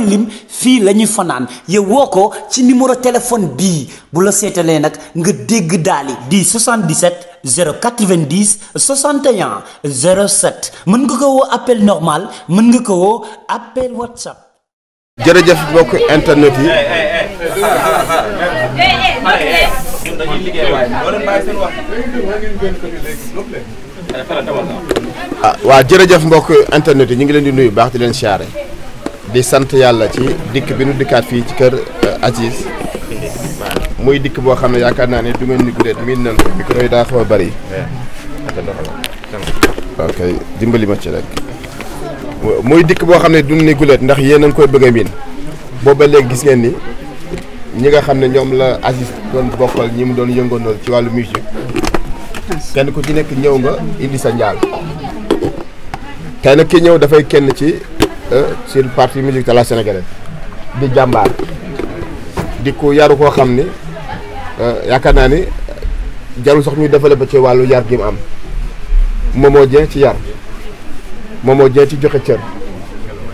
doon lim fii la fanaan yow woo ko ci numéro téléphone bii bu la seetalee nag nga dégg daali di 77 090 61 07 mën nga ko appel normal mën nga ko woo appel whatsapp. jërëjëf mbokk internet yi. ah waa jërëjëf mbokk internet yi ñu ngi leen di nuyu baax di leen siyaare. di sant yàlla ci dikk bi nu dikkaat fii ci kër euh, Aziz muy dikk boo xam ne yaakaar naa ne du ngeen ni guddee miin nañ ko micro yi daa xaw a bari ok dimbali ma ci rek muy dikk boo xam ne du ni guleet ndax yéen a ngi koy bëgg a miin booba léegi gis ngeen ni ñi nga xam ne ñoom la Aziz doon bokkal ñi mu doon yëngoonal ci wàllu musique kenn ku ci nekk ñëw nga indi sa njaal tey nag ki ñëw dafay kenn ci Euh, sur partie musique de la sénégalaise di jàmbaar di ko yaru koo xam ni euh, yaakaar naa ni jarul sax ñuy ba ci wàllu yar gi mu am moomoo jee ci yar moomoo jee ci joxe cër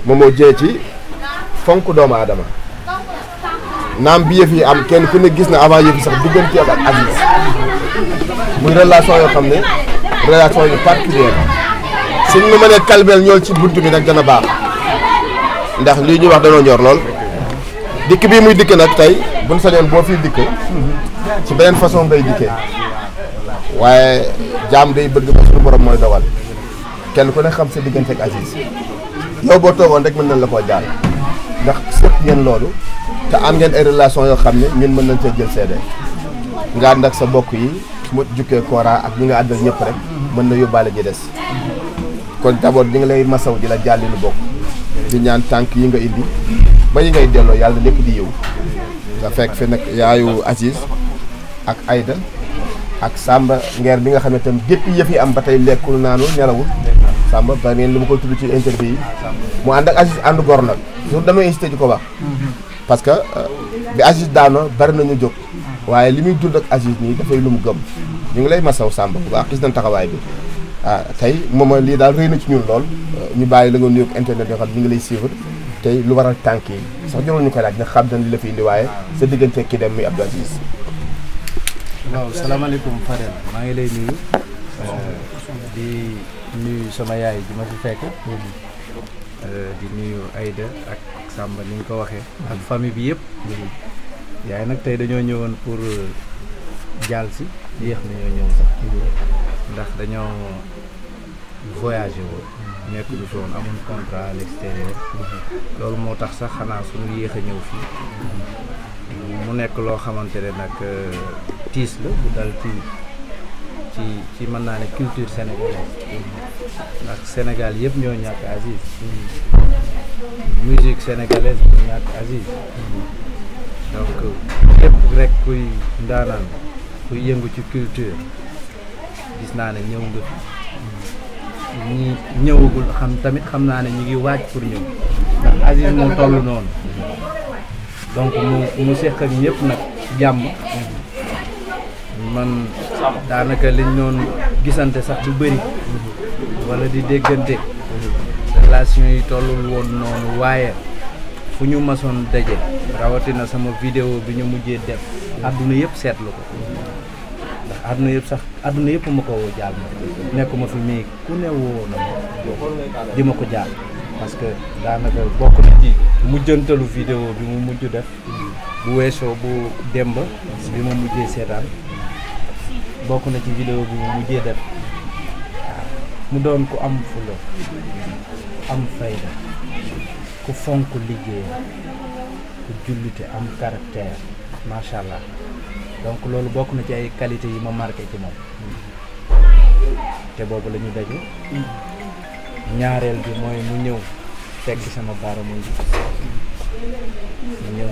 moomoo jee ci fonk doomu adama naam bi yëf yi am kenn ku ne gis na avant yëf yi sax diggante ak ak Aziz muy relation yoo xam ne relation yu particulière suñ ma mënee kalbeel ñool ci bunt bi nag dana baax ndax lii ñuy wax dañoo ñor lool dikk bii muy dikk nag tey buñ sañoon boo fiy dikk si beneen façon ngay dikkee waaye jaam day bëgg ba borom mooy dogal kenn ku ne xam sa diggante ak Aziz yow boo toogoon rek mën nañ la koo jaar ndax sëpp ngeen loolu te am ngeen ay relation yoo xam ne ngeen mën nañ cee jël seede nga ànd ak sa mbokk yi mu jukkee koora ak ñi nga àndal ñëpp rek mën na yóbbaale ji des kon d'abord ñu ngi lay masaw ji la jàlli lu bokk di ñaan tànk yi nga indi ba yi ngay delloo yàlla lépp di yëw nga fekk fi nag yaayu Aziz ak ayda ak Samba ngeer bi nga xam ne itam depuis fi am ba tey lekkul naanul nelawul Samba ba ngeen li ma ko tudd ci interview yi mu ànd ak Aziz ànd gor nag loolu damay incité ko wax parce que euh, bi Aziz daanoo bari nañu jóg waaye li muy dund ak Aziz nii dafay lu mu gëm ñu ngi lay masaw Samba bu baax gis taxawaay bi ah tey moom lii daal rëy na ci ñun lool ñu bàyyi la nga internet yoo xam ñu ngi lay suivre tey lu waral tànk yi sax jarul ñu koy laaj ndax xam dañ li la fi sa diggante ki dem muy Abdou Aziz. salaamaaleykum Fadel maa ngi lay nuyu. Euh, di nuyu sama yaay bi ma fi fekk. Euh, di nuyu Aïda ak Samba ni nga ko waxee. ak famille bi yëpp. yaay nag tey dañoo ñëwoon pour euh, jaal si yéex nañoo ñoo ndax dañoo voyagé woon nekk du fi woon amuñ contrat à loolu moo tax sax xanaa suñu yéex a ñëw fii mu nekk loo xamante ne nag euh, tiis la bu dal ci ci ci mën naa ne culture sénégalaise ndax Sénégal yëpp ñoo ñàkk Aziz musique sénégalaise bu ñàkk Aziz donc képp kuy ndaanaan kuy yëngu ci culture gis naa ne ñëw nga fi ñëwagul xam tamit xam naa ne ñu ngi waaj pour ñëw ndax Aziz moo toll noonu donc mu mu seq ak ñëpp nag jàmm man daanaka liñ noonu gisante sax du bëri wala di déggante relation yi tollul woon noonu waaye fu ñu masoon daje rawatina sama vidéo bi ñu mujjee def àdduna yëpp seetlu ko àdduna yëpp sax àdduna yëpp ma ko jaal ma nekkuma fi mais ku ne woo na ma di ma ko jaal parce que daanaka bokk na ci mujjantalu vidéo bi mu mujj def bu weesoo bu demb bi ma mujjee seetaan bokk na ci vidéo bi mu mujjee def mu doon ku am fulla am fayda ku fonk liggéey ku jullite am caractère macha allah. donc loolu bokk na ci ay qualité yi ma marqué ci moom te boobu la ñu ñaareel bi mooy mu ñëw fekk sama baaramuñ bi mu ñëw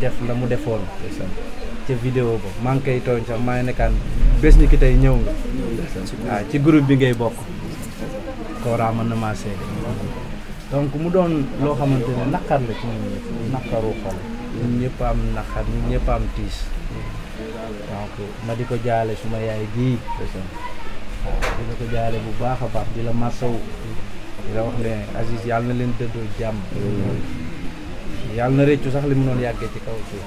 def la mu defoon ca vidéo ba maa ngi koy tooñ sax maa ngi nekkaan bés ni ki tey ñëw nga waaw ah, ci groupe bi ngay bokk Kora mën na maa seede mu doon loo xamante ne naqar la ci ñun ñëpp naqaru xol ñun ñëpp naqar ñun ñëpp tiis donc ma di ko jaale suma yaay gii waaw di ko jaale bu baax a baax di la masaw di la wax ne Aziz yàlla na leen dëddoo jàmm yàlla na réccu sax li mu noonu yàggee ci kaw suuf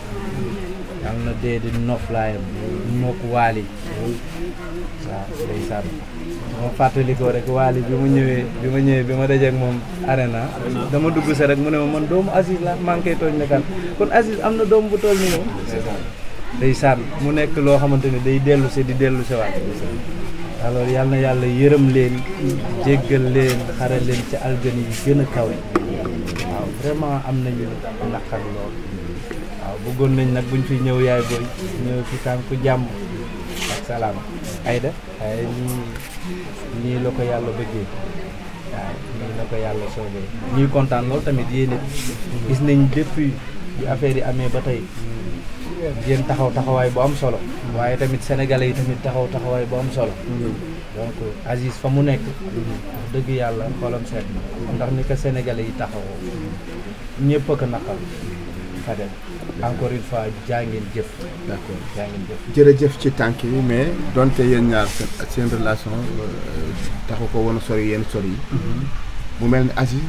yàlla na dee di noflaayam mokk waali waaw ndeysaan ma fàttalikoo rek waali bi ma ñëwee bi ma ñëwee bi ma dajeek moom arena dama dugg sa rek mu ne ma man doomu Aziz laa manqué tooñ ne kan kon Aziz am na doom bu toll nii moom ndeysaan mu nekk loo xamante ni day dellu si di dellu si waat alors yal na yàlla yërëm leen jéggal leen xare leen ci aljan yi gën a vraiment am nañu naqar lool bëggoon nañ nag buñ fi ñëw yaay fi tànku jàmm ak ayda la ko yàlla bëggee waaw ko yàlla soobee kontaan lool tamit yéen it gis nañ depuis bi affaire yi amee ba tey ngeen taxaw taxawaay bu am solo. waaye tamit sénégalais yi tamit taxaw taxawaay bu am solo. Mm-hmm. donc Aziz fa mu nekk. dëgg yàlla xolam seet ndax ni ko sénégalais yi taxawoo ñëpp a ko naqal fa dem encore jaa ngeen jëf. d'accord jaa ngeen jëf. ci tànk yi mais donte yéen ñaar seen relation euh, taxu ko woon a sori yenn sori yi. Mm-hmm. mu mel ni Aziz.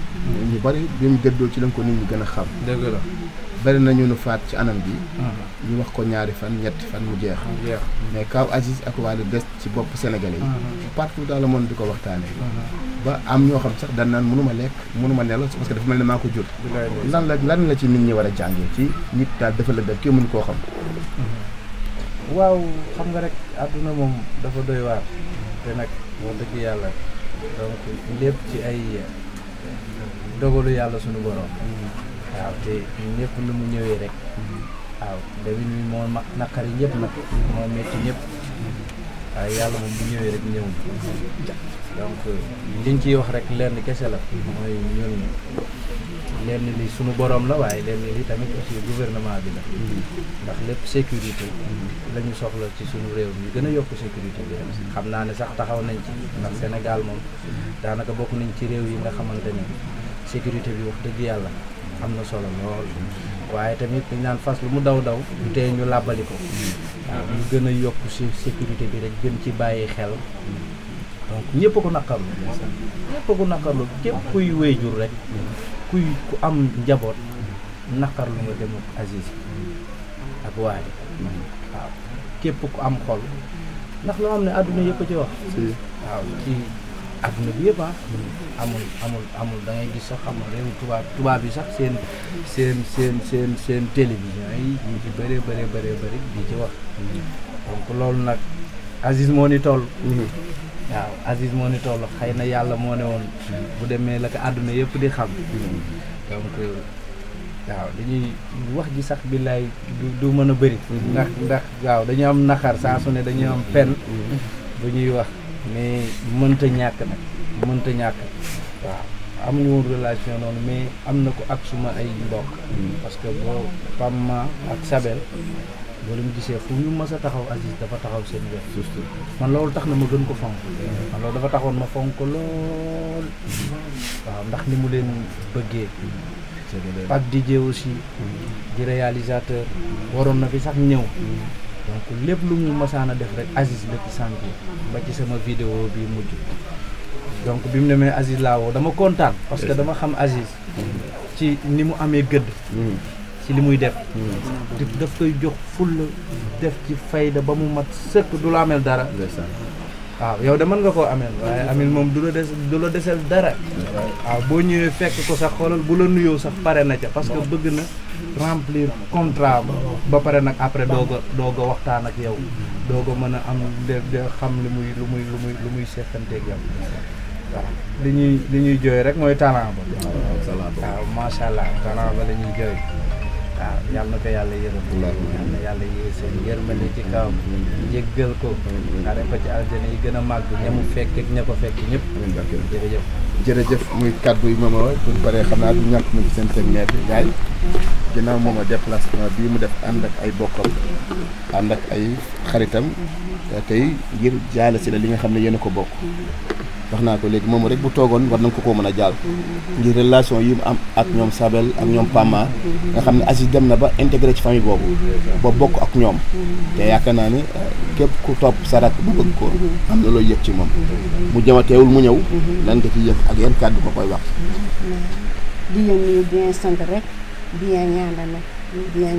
ñu bari bi mu dëddoo ci lañ ko nit ñi gën a xam. dëgg bari na ñu nu faat ci anam bi hmm. ñu wax ko ñaari fan ñetti fan mu jeex hmm. mais kaw Aziz ak Wally des ci bopp sénégalais yi hmm. partout dans le monde di ko waxtaanee ba am ñoo xam sax dan mënuma lekk mënuma nelaw parce que dafa mel ne maa ko jur lan la lan la ci nit ñi war a jàngee ci nit daal dafa la def kii mun koo xam waaw xam nga rek àdduna moom dafa doy waar te nag wax dëgg yàlla donc lépp ci ay dogalu yàlla suñu borom waaw te ñëpp lu mu ñëwee rek waaw début bi moo naqari ñëpp nag moo metti ñëpp waaye yàlla moom bu ñëwee rek ñëw donc liñ ciy wax rek lenn kese la mooy ñun lenn li sunu boroom la waaye lenn li tamit aussi gouvernement bi la ndax lépp sécurité la ñu soxla ci suñu réew mi gën a yokk sécurité bi xam naa ne sax taxaw nañ ci ndax Sénégal moom daanaka bokk nañ ci réew yi nga xamante ni sécurité bi wax dëgg yàlla am na solo lool waaye tamit dañ naan fas lu mu daw daw du tee ñu làbbali ko ñu mm. gën a yokk si sécurité bi rek gën ci bàyyi xel donc ñëpp ko naqarlu ñëpp ko naqarlu képp kuy wéyjur rek kuy ku am njaboot naqarlu nga dem ak Aziz ak waaye mm. waaw képp ku am xol ndax loo xam ne àdduna yëpp a ci wax waaw adduna bi yëpp ah amul amul amul da gis sax xamul réew tubaab tubaab yi sax seen seen seen seen seen télévision yi ñu ci bëree bëree bëree bëri di ci wax donc loolu nag Aziz moo ni toll waaw Aziz moo ni toll xëy na yàlla moo ne woon bu demee la ko àdduna yëpp di xam donc waaw dañuy wax ji sax billaay du du mën a bëri ndax ndax waaw dañu am naxar saa su ne dañu am pen bu ñuy wax mais mënta ñàkk nag mënta ñàkk waaw ñu woon relation noonu mais am na ko ak suma ay mbokk mm. parce que boo Pamma ak Sabel boo leen gisee fu ñu mës a taxaw Aziz dafa taxaw seen wet man loolu tax na ma gën ko fonk mm. man loolu dafa taxoon ma fonk ko waaw ndax ni mu leen bëggee mm. Pape Didier aussi di réalisateur waroon na fi sax ñëw donc lépp lu mu mosaan a def rek Aziz la ci sànq ba ci sama vidéo bi mujj donc bi mu demee Aziz laa woo dama kontaan parce que dama xam Aziz ci ni mu amee gëdd ci li muy def daf koy jox full def ci fayda ba mu mat sëkk du la ameel dara waaw yow de mën nga koo amee waaye amel moom du la des du la desel dara waaw boo ñëwee fekk ko sax xoolal bu la nuyoo sax pare na ca parce que bëgg na remplir contrat ba pare nag après doog a waxtaan ak yow doog a mën a am de de xam li muy lu muy lu muy lu muy seqanteeg yow waaw li ñuy li ñuy jooy rek mooy talent ba waaw macha allah talent ba la ñuy jooy waaw ah, yal na ko yàlla yërëm yal na yàlla yéey seen yërmande ci kawam jéggal ko xare ko ci aljana yi gën a màgg ñamu fekk ak ko fekk ñëpp jërëjëf jërëjëf muy kàddu yi moom a pour paree xam naa du ñàkk seen teg maître Ndiaye ginnaaw moom a déplacement bii mu def ànd ak ay bokkam ànd ak ay xaritam mm-hmm. tey ngir jaale si la li nga xam ne yéen ko bokk wax naa ko léegi moom rek bu toogoon war nañ ko ko mën a jaal ngir relation yi mu am ak ñoom Sabel ak ñoom Pama nga xam ne Aziz dem na ba intégré ci famille boobu ba bokk ak ñoom te yaakaar naa ne euh, képp ku topp sarak bu bëgg ko am na looy yëg ci moom mu jëmateewul mu ñëw lan nga ciy yëg ak yan kàddu ko koy wax di leen bien sant rek bien ñaanal bien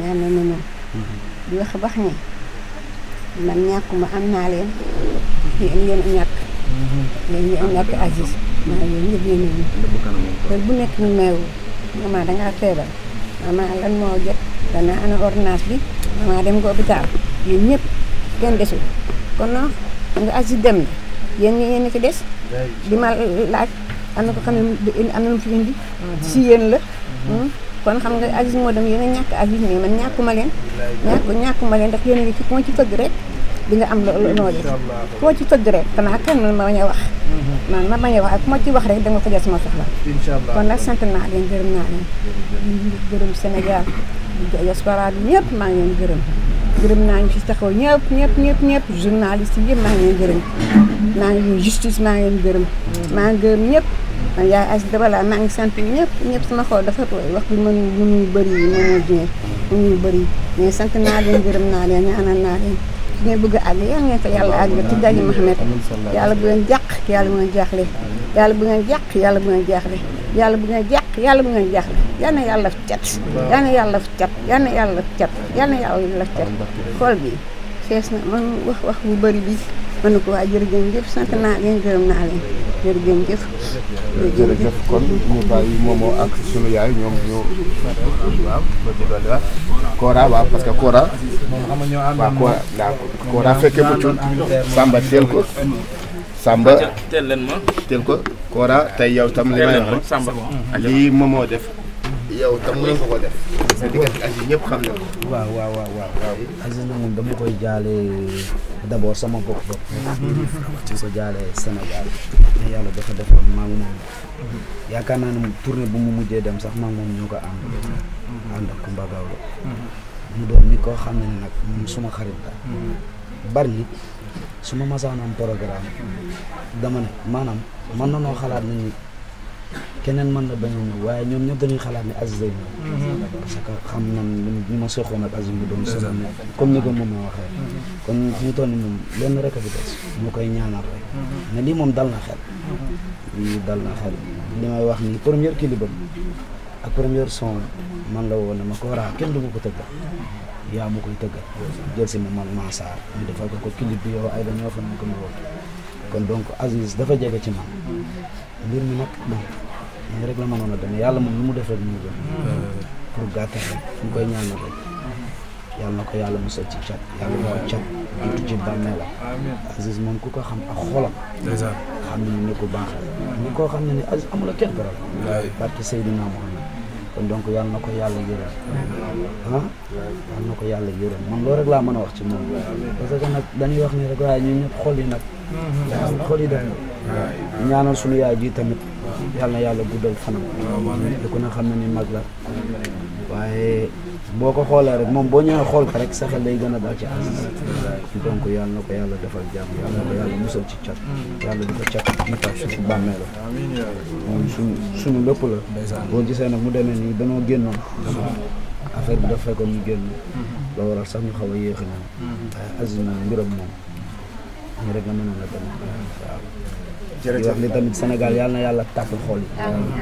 di wax bax ni man ñàkkuma am naa leen fi ñàkk léegi ñu nekk Aziz maa ngi ñëpp ñu ngi nuyu bu nekk ñu may woo maman da ngaa feebar lan moo jot dana ana ordonnance dem nga hôpital yéen ñëpp kenn nga Aziz dem na yéen ñi yéen ci des di na ko xam ne am na hmm? xam nga Aziz moo dem yéen a ñàkk Aziz mais man ñàkkuma leen ñàkk ñàkkuma leen ndax yéen ngi ci ku ci bëgg rek di am loo def koo ci tëgg rek xanaa kenn ma bañ a wax man ma bañ a wax ak ma ci wax rek danga fajal sama soxla kon nag sant naa leen gërëm gërëm Sénégal diaspora bi ñëpp maa ngi leen gërëm gërëm ci taxaw ñëpp ñëpp ñëpp ñëpp journaliste yi yëpp maa ngi ngi justice maa ngi gërëm maa ngi gërëm ñëpp man yaay as dabala maa ngi sant ñëpp ñëpp sama xol dafa tooy wax bi mën mënuñu bëri yi mënuñu bëri mais sant naa gërëm naa leen ñaanal naa leen ngay bëgg a àgg yàlla ngeen fa yàlla àgg ci daji Muhammad yàlla bu ngeen jàq yàlla bu ngeen jaaxle yàlla bu ngeen jàq yàlla bu ngeen jaaxle yàlla bu ngeen jàq yàlla bu ngeen jaaxle yal na yàlla daf cat yal yàlla daf cat yal na yàlla daf cat yal na yàlla daf cat xool bi fees na man wax wax bu bëri bi mën na ko waa jërëjëf sant naa leen gërëm naa leen jërë ngeen jëf. kon ñu bàyyi moomoo ak sunu yaay ñoom ñu. Kora waaw parce que Kora. waaw Kora waaw Kora fekkee ko tuut Samba teel ko. Samba teel leen ma teel ko. Kora tey yow tam li may wax rek. def. yow tam mën nga ko def. sa diggante ak yi ñëpp xam na ko. waaw waaw waaw waaw. Aziz na moom dama koy jaalee d' abord sama bopp bopp. di ko jaale Sénégal. mais yàlla dafa defoon maa ngi moom. yaakaar naa ne tournée bu mu mujjee dem sax maa ngi moom ñoo ko am ànd ak Kumba mu doon ni koo xam ne nag suma xarit la. Bargny suma masaan am programme. dama ne maanaam mën na noo xalaat nañu. keneen man na bañ a waaye ñoom ñëpp dañuy xalaat ne Aziz day ñëw mhm. parce que xam nan ñu ma soxoon ak Aziz mu doon sonn comme ni ko moom ma waxee kon fi ñu toll ni moom koy ñaanal rek ne mhm. lii moom dal na xel mhm. lii dal wax ni première kilibam ak première son man la woon ne ma ko a kenn du ko tëggal yaa ma koy tëggal jël ma man Mansaar ñu defal ko ko kilib bi yow ay dañoo fa nekk ko ma woon kon donc Aziz dafa jege ci man mbir mi nag moom nii rek la mënoon a demee yàlla moom lu mu def rek mu gën pour gàttal rek ñu koy ñaanal rek na ko yàlla musal ci cat yàlla na ko cat jiitu ci bàmmeela Aziz moom ko xam ak xolam xam ne ni ku baax la ñu koo xam ne ni Aziz amula kenn problème parce que Seydina Muhammad kon donc yàlla na ko yàlla yërëm ah ko yàlla yërëm man loolu laa mën a wax ci moom parce que xol yi nag mhm. na ñaanal suñu yaay ji tamit yàlla yàlla guddal fanam. di ko na xam ne ni mag la. waaye boo ko xoolee rek moom boo ñëwee xool ko rek sa xel day gën a dal ci Aziz. donc yàlla na ko yàlla defal jàmm yàlla na ko yàlla musal ci cat. yàlla di ko cat jiital suñu bàmmee la. moom suñu suñu lépp la. boo gisee nag mu deme nii danoo génnoon. affaire bi dafa fekkoon ñu génn. la waral sax ñu xaw a yéex a ñëw. mbiram moom ñu rek nga mënoon a demee waaw. jërëjëf di wax ni Sénégal yal na yàlla tàppal xool yi.